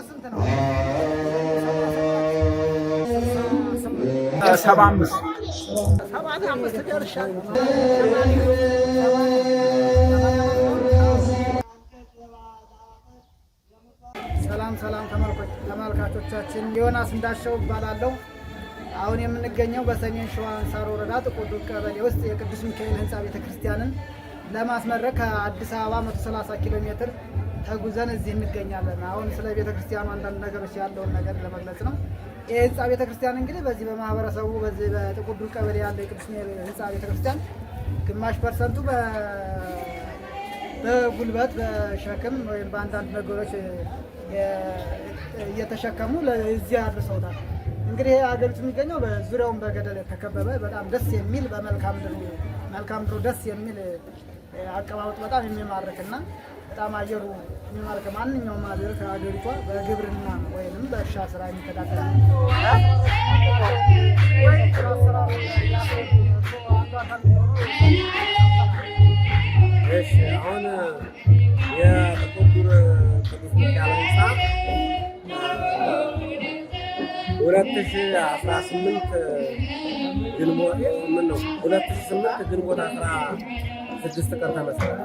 ሰባ አምስት ሰላም ሰላም ተመልካቾቻችን፣ ዮናስ እንዳሻው እባላለሁ። አሁን የምንገኘው በሰሜን ሸዋ አንሳር ወረዳ ጥቁር ዱር ቀበሌ ውስጥ የቅዱስ ሚካኤል ህንፃ ቤተክርስቲያንን ለማስመረቅ ከአዲስ አበባ 130 ኪሎ ሜትር ተጉዘን እዚህ እንገኛለን። አሁን ስለ ቤተ ክርስቲያኑ አንዳንድ ነገሮች ያለውን ነገር ለመግለጽ ነው። ይህ ህንፃ ቤተ ክርስቲያን እንግዲህ በዚህ በማህበረሰቡ በዚህ በጥቁር ዱር ቀበሌ ያለው የቅዱስ ህንፃ ቤተ ክርስቲያን ግማሽ ፐርሰንቱ በጉልበት በሸክም ወይም በአንዳንድ ነገሮች እየተሸከሙ ለዚህ አድርሰውታል። እንግዲህ ሀገሪቱ የሚገኘው በዙሪያውን በገደል የተከበበ በጣም ደስ የሚል በመልካም ድሩ መልካም ድሩ ደስ የሚል አቀባበጡ በጣም የሚማርክና በጣም አየሩ የሚማር ከማንኛውም ሀገር ከሀገሪቷ በግብርና ወይንም በእርሻ ስራ የሚተዳደር አሁን የጥቁር ቅዱስ ሚካኤል ሁለት ሺህ አስራ ስምንት ግንቦት ሁለት ስምንት ግንቦት አስራ ስድስት ቀን ተመሰረተ።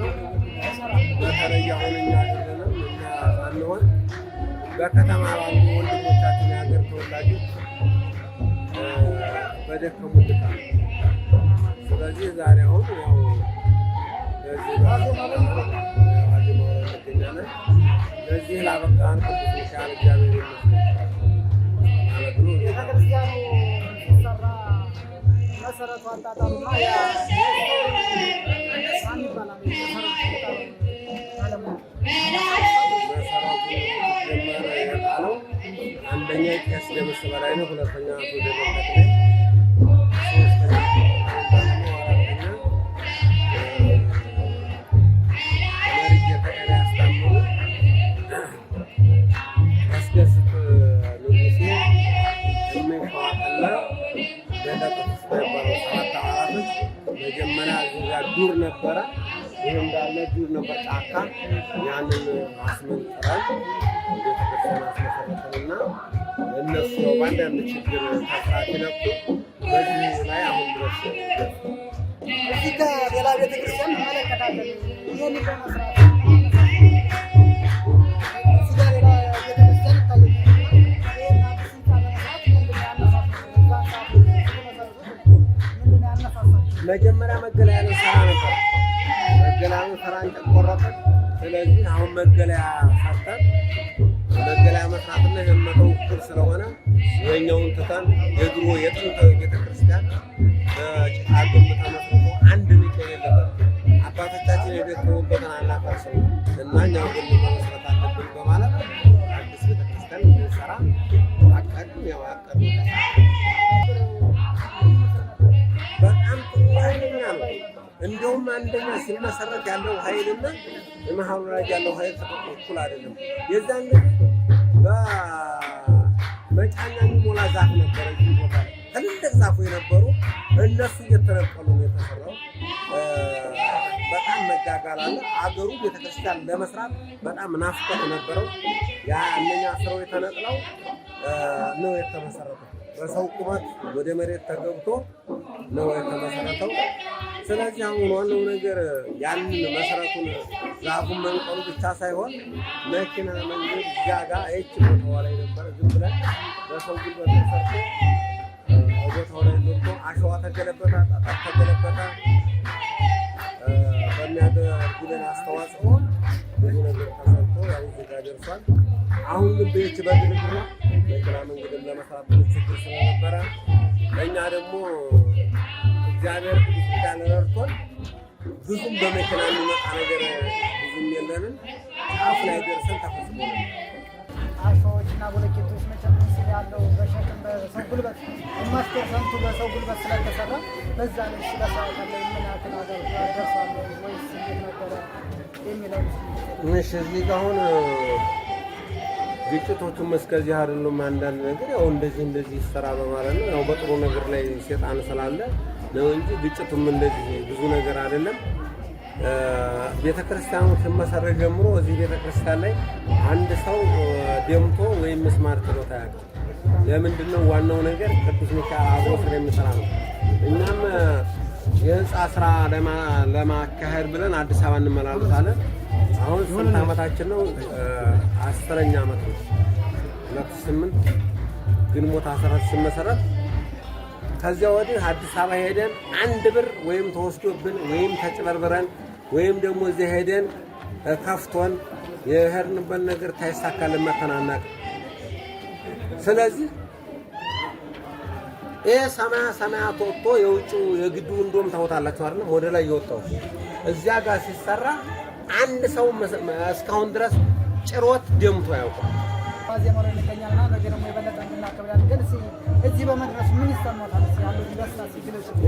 ነው። በተለይ አሁን እኛ ያለንም እኛ ባንሆን በከተማ ባሉ ወንድሞቻችን የሀገር ተወላጆች በደከሙ ድካ ስለዚህ ዛሬ አሁን ያው ለዚህ እንገኛለን። ለዚህ ላበቃን ቅዱስ ሚካኤል እግዚአብሔር ይመስገን ቤተክርስቲያኑ ሰራ መሰረቱ አጣጣሉና सिलेबस वगैरह पुनः መጀመሪያ ዱር ነበረ። ይህ እንዳለ ዱር ነበር ጫካ። ያንን አስመንጥረን ቤተክርስቲያን አስመሰረትንና እነሱ ነው በአንዳንድ ችግር ከስራት ይለቁ በዚህ ላይ አሁን ድረስ እዚህ ጋር ሌላ ቤተክርስቲያን እንመለከታለን። ይህን በመስራት መጀመሪያ መገለያ ነው ሰራ ነበር። መገለያ ነው ሰራ እንጨት ቆረጠ። ስለዚህ አሁን መገለያ ሰርተን መገለያ መስራትና የመተው እኩል ስለሆነ ይኸኛውን ትተን የድሮ የጥንታዊ ቤተክርስቲያን በጭቃ ግንብ ተመስርቶ አንድ ንጭ የሌለበት አባቶቻችን የደከሙበትን አናፈርሰው እና እኛ ግን መመስረት አለብን በማለት አዲስ ቤተክርስቲያን እንድንሰራ አቀዱ የዋቀዱ በጣም ጥሩ ነው። እንደውም አንደኛ ሲመሰረት ያለው ኃይልና የማህበራዊ ያለው ኃይል እኩል አይደለም የዛን በመጫኛ የሚሞላ ዛፍ ነበረ። ቦታ ትልልቅ ዛፉ የነበሩ እነሱ እየተነቀሉ ነው የተሰራው። በጣም መጋጋል አለ። አገሩ ቤተክርስቲያን ለመስራት በጣም ናፍቆት ነበረው። ያ እነኛ ስራው የተነቅለው ነው የተመሰረተው። በሰው ቁመት ወደ መሬት ተገብቶ ነው የተመሰረተው። ስለዚህ አሁን ዋናው ነገር ያንን መሰረቱን ዛፉን መንቀሉ ብቻ ሳይሆን መኪና መንገድ ጋጋ አይች ቦታዋ ላይ ነበር። ዝም ብለን በሰው ጉልበት ተሰርቶ ቦታው ላይ ገብቶ አሸዋ ተገለበታ፣ ጣጣት ተገለበታ በሚያደርጉልን አስተዋጽኦ ብዙ ነገር ተሰ ያው እዚህ ጋር ደርሷል። አሁን ግን ቤች በድርድር ነው መንገድም ለመስራት ችግር ስለነበረ እኛ ደግሞ እግዚአብሔር ዳን ረድቶን ብዙም በመኪና የሚመጣ ነገር ብዙም የለንም። ጫፍ ላይ ደርሰን ተፈጽሞ አሸዎችና ቦለቄቶች መቼም ምስል ያለው በሸክም በሰው ጉልበት የማስቴር ሰንቱ በሰው ጉልበት ስለተሰራ በዛ ልሽ በሰዓት ምን ያክል ሀገር ደርሳለ ወይስ እንዴት ነበረ? እሺ እዚህ ጋር አሁን ግጭቶቹም እስከዚህ አይደሉም። አንዳንድ ነገር ያው እንደዚህ እንደዚህ ይሰራ በማለት ነው ያው በጥሩ ነገር ላይ ሴጣን ስላለ ነው እንጂ ግጭቱም እንደዚህ ብዙ ነገር አይደለም። ቤተክርስቲያኑ ሲመሰረት ጀምሮ እዚህ ቤተክርስቲያን ላይ አንድ ሰው ደምቶ ወይም ምስማር ችሎት አያውቅም። ለምንድን ነው ዋናው ነገር ቅዱስ ሚካኤል አብሮ ስራ ነው። እኛም የህንፃ ስራ ለማካሄድ ብለን አዲስ አበባ እንመላለሳለን። አሁን ስንት ዓመታችን ነው? አስረኛ ዓመት ነው። ሁለት ስምንት ግንቦት አስራት ስመሰረት ከዚያ ወዲህ አዲስ አበባ ሄደን አንድ ብር ወይም ተወስዶብን ወይም ተጭበርብረን ወይም ደግሞ እዚያ ሄደን ከፍቶን የሄድንበት ነገር ታይሳካልን መተናናቅ ስለዚህ ይሄ ሰማያ ሰማያት ወጥቶ የውጭው የግዱ እንደውም ታወታላችሁ አይደል? ወደ ላይ የወጣው እዚያ ጋር ሲሰራ አንድ ሰው እስካሁን ድረስ ጭሮት ደምቶ ያውቃል።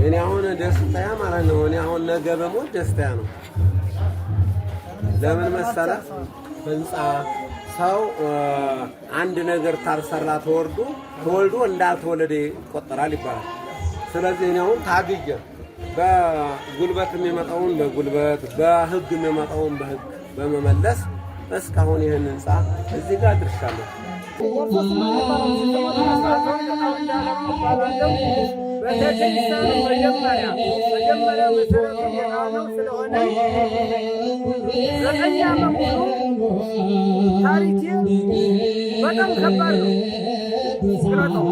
እኔ አሁን ደስታያ ማለት ነው። እኔ አሁን ነገ በሞት ደስታያ ነው። ለምን መሰለህ ህንፃ ሰው አንድ ነገር ታልሰራ ተወርዶ ተወልዶ እንዳልተወለደ ይቆጠራል ይባላል። ስለዚህ እኔ አሁን ታግየ በጉልበት የሚመጣውን በጉልበት በህግ የሚመጣውን በህግ በመመለስ እስካሁን ይህን ህንፃ እዚህ ጋር ድርሻለሁ። መጀመሪያ መጀመሪያ ስለሆነ ዘጠኝ ዓመት ሙሉ ታሪኬ በጣም ከባድ ነው። ስረተው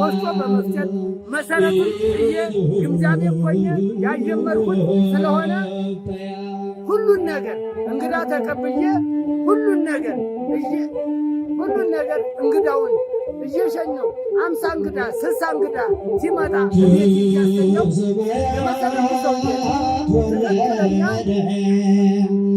ወስጦ በመፍጨት መሰረት ብዬ ግምጃቤ ኮኜ ያጀመርኩት ስለሆነ ሁሉን ነገር እንግዳ ተቀብዬ ሁሉን ነገር ሁሉን ነገር እንግዳውን እየሸኘው አምሳ እንግዳ ስልሳ እንግዳ ሲመጣ ቤት የመሰረቱ ሰው ትክክለኛ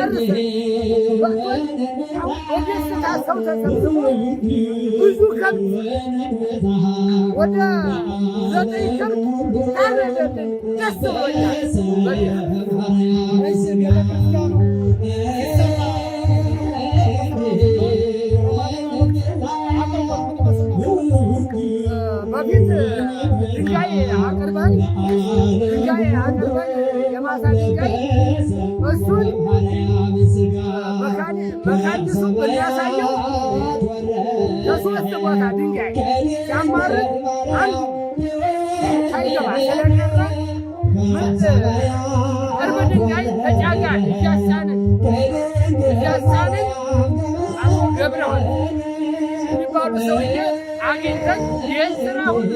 Bagaimana? Tinggal ya, agar baik. Tinggal ya, Banyak, baik. አሳድገን እሱን በካዲሱ እንዲያሳየው ከሶስት ቦታ ድንጋይ ሲያማርጥ አንዱ አግኝተን ይህን ስራ ሁሉ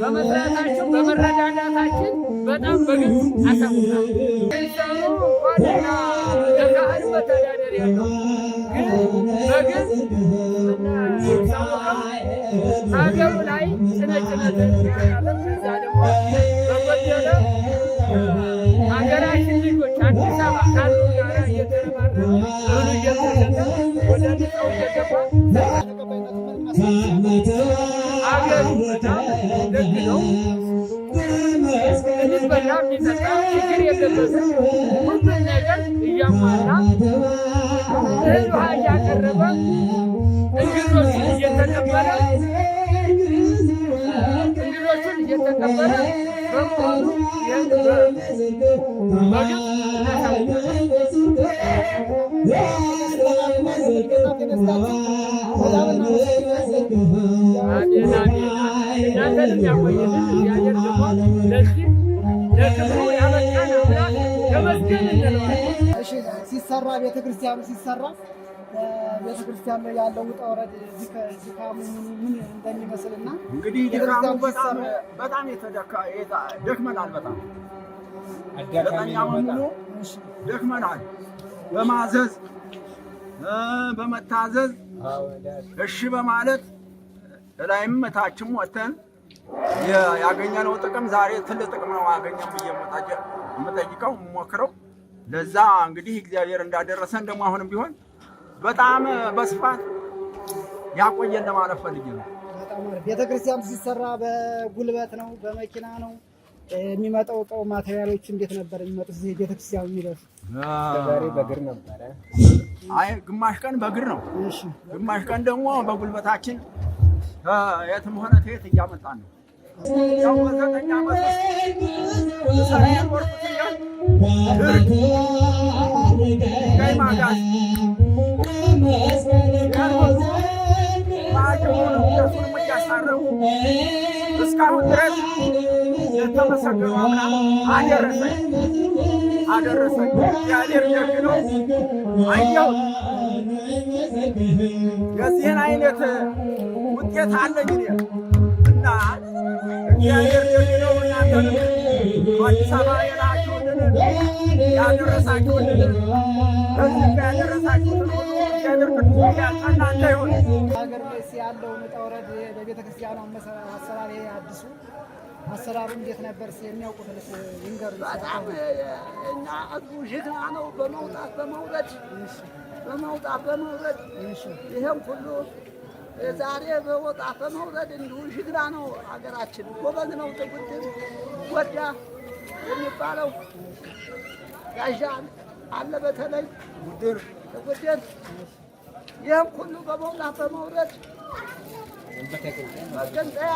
በመስራታቸው በመረዳዳታችን በጣም በግልጽ አሳውቃል። ሰሩ ዋደና ለካህን መተዳደር ያለው ላይ ስነጭነት ያለዛ ሀገራችን ልጆች የሚበላ የሚጠጣ ችግር የለበትም። ሁሉን ነገር እያሟላ ህዝብ እያቀረበ እንግዶችን እየተቀበለ እንግዶቹን እየተቀበለ በመሆኑ እናንተንም ያቆየልን ያደርግሞ ለዚህ ለክብሩ ያበቃን አምላክ ተመስገን እንለዋለን። ሲሰራ ቤተ ክርስቲያኑ ሲሰራ ቤተ ክርስቲያን ላይ ያለው ውጣ ወረድ ድካሙ ምን እንደሚመስልና እንግዲህ ድካሙ በጣም ደክመናል። በጣም ዘጠኛውን ደክመናል። በማዘዝ በመታዘዝ እሺ በማለት ላይም መታችም ወተን ያገኘነው ጥቅም ዛሬ ትልቅ ጥቅም ነው። አገኘ ብዬ የምጠይቀው የምሞክረው ለዛ እንግዲህ እግዚአብሔር እንዳደረሰን ደግሞ አሁንም ቢሆን በጣም በስፋት ያቆየን ለማለት ፈልጌ ነው። ቤተክርስቲያን ሲሰራ በጉልበት ነው፣ በመኪና ነው የሚመጣው እቃው ማቴሪያሎች እንዴት ነበር የሚመጡት? ቤተክርስቲያኑ የሚደርሱ በእግር ነበረ። አይ ግማሽ ቀን በእግር ነው፣ ግማሽ ቀን ደግሞ በጉልበታችን የትም ሆነ ትየት እያመጣን ነው። እስካሁን ድረስ የተመሰገኑ አምና አደረሰኝ እግዚአብሔር ደግ ነው። አየው የዚህን አይነት ውጤት አለኝ እኔ ነውና እግዚአብሔር ድንቅ ነውና አዲስ አበባ የላችሁልን ያደረሳችሁልን በዚህ ያደረሳችሁልን እግዚአብሔር ይሁን። ሀገር ደስ ያለው መጠውረድ በቤተ ክርስቲያኑ አሰራር አዲሱ አሰራሩ እንዴት ነበር? የሚያውቁት ልክ ይንገሩ። በጣም እኛ ህዝቡ ጀግና ነው። በመውጣት በመውረድ በመውጣት በመውረድ ይህም ሁሉ ዛሬ በወጣፈ መውረድ እንዲሁ ጅግና ነው። ሀገራችን ጎበዝ ነው። ትጉድል ጎዳ የሚባለው ጋዣ አለ። በተለይ ጉድል ትጉድል ይህም ሁሉ በመውጣፈ በመውረድ መገንጠያ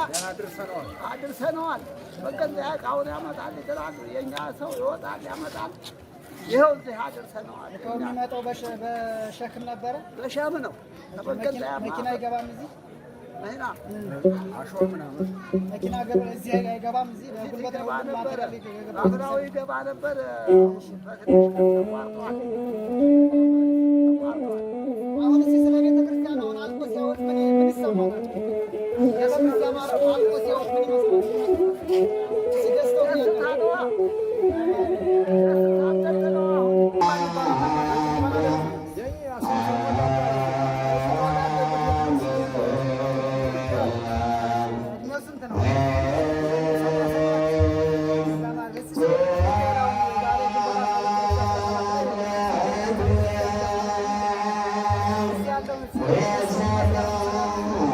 አድርሰነዋል። መገንጠያ እቃውን ያመጣል ይላሉ። የእኛ ሰው ይወጣል ያመጣል ይኸው እዚህ አደርሰነዋል። የሚመጣው በሸክም ነበረ፣ በሻም ነው። መኪና አይገባም እዚህ መኪና እዚህ አይገባም። እዚህ በጉልበት አብራው ይገባ ነበር። አሁን ስለ ቤተክርስቲያን አሁን አልቆ ሲያወድ ምን ይሰማል? Forever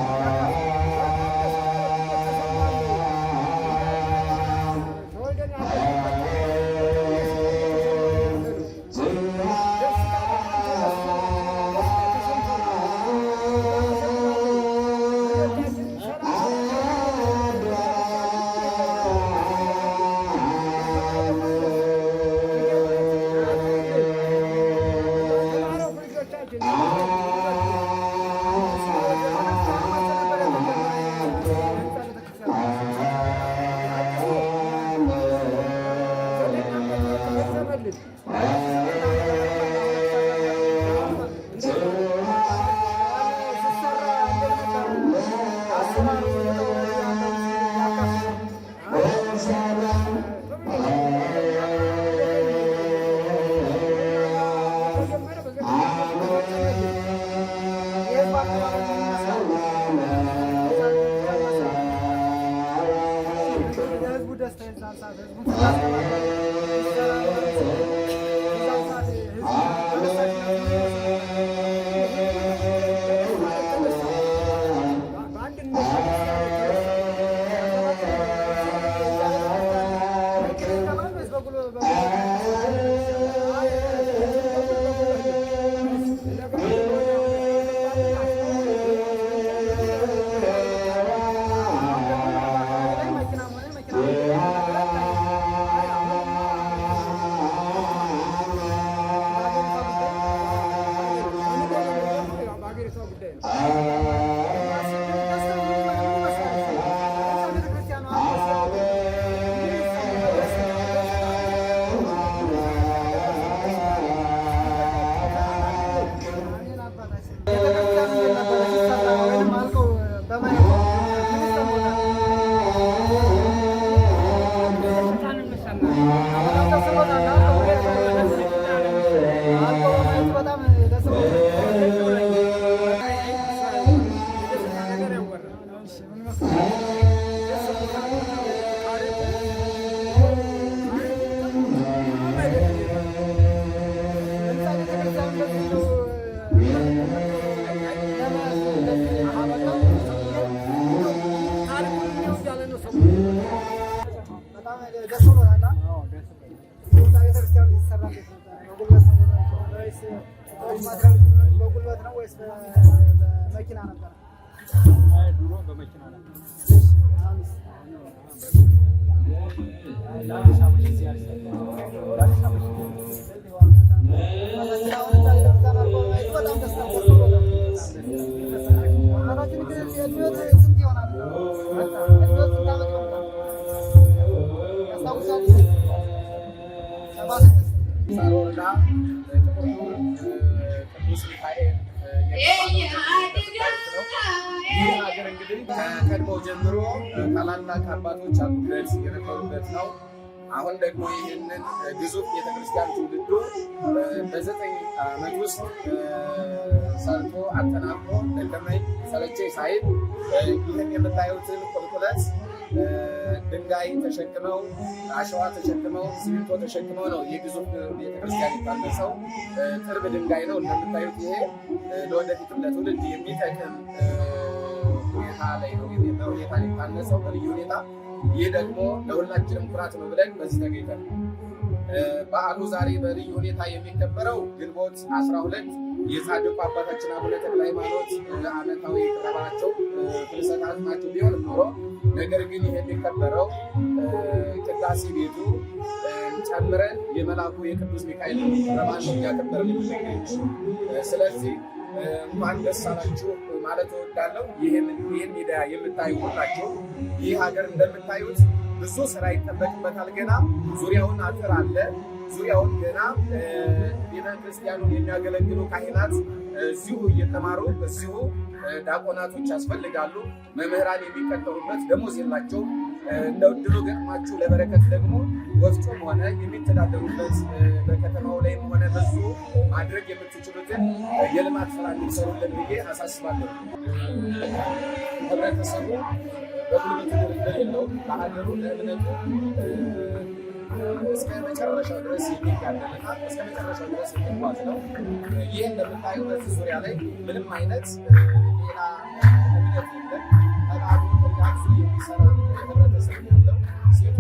ሳር ቅዱስ ሚካኤል ይህ ሀገር እንግዲህ ከቀድሞ ጀምሮ ታላላቅ አባቶች አሉበት የነበሩበት ነው። አሁን ደግሞ ይህንን ግዙፍ ቤተክርስቲያን ትውልዱ በዘጠኝ ዓመት ውስጥ ሰርቶ አጠናቅቆ ደከመኝ ሰለቸኝ ሳይል ይህን የምታዩትን ቁልቁለት ድንጋይ ተሸክመው አሸዋ ተሸክመው ሲሚንቶ ተሸክመው ነው የግዙፍ ቤተክርስቲያን የታነጸው። ጥርብ ድንጋይ ነው እንደምታዩት። ይሄ ለወደፊትም ለትውልድ የሚጠቅም ሁኔታ ላይ ነው ሁኔታ የታነጸው በልዩ ሁኔታ። ይህ ደግሞ ለሁላችንም ኩራት ነው ብለን በዚህ ተገኝተን በዓሉ ዛሬ በልዩ ሁኔታ የሚከበረው ግንቦት 12 የጻድቁ አባታችን አቡነ ተክለ ሃይማኖት ዓመታዊ ክብረ በዓላቸው ፍልሰተ አጽማቸው ቢሆን ኖሮ ነገር ግን ይሄን የከበረው ቅዳሴ ቤቱ ጨምረን የመላኩ የቅዱስ ሚካኤል ረማን እያከበረ የሚገኝ ስለዚህ እንኳን ደስ አላችሁ ማለት እወዳለሁ። ይህን ሚዲያ የምታዩ ሁላችሁ ይህ ሀገር እንደምታዩት ብዙ ስራ ይጠበቅበታል። ገና ዙሪያውን አጥር አለ። ዙሪያውን ገና ቤተክርስቲያኑን የሚያገለግሉ ካህናት እዚሁ እየተማሩ እዚሁ ዲያቆናቶች ያስፈልጋሉ። መምህራን የሚቀጠሩበት ደሞዝ የላቸውም። እንደ ዕድሉ ገጥማችሁ ለበረከት ደግሞ ወፍጮም ሆነ የሚተዳደሩበት በከተማው ላይም ሆነ በዙ ማድረግ የምትችሉትን የልማት ስራ እንዲሰሩልን ብዬ አሳስባለሁ። ህብረተሰቡ በጉልበቱ ደሌለው በሀገሩ ለእምነቱ እስከ መጨረሻው ድረስ የሚጋደልና እስከ መጨረሻው ድረስ የሚጓዝ ነው። ይህን በምታዩበት ዙሪያ ላይ ምንም አይነት ሌላ እምነት የለም። ፈጣሪ ሱ የሚሰራ ህብረተሰብ ያለው ሴቶ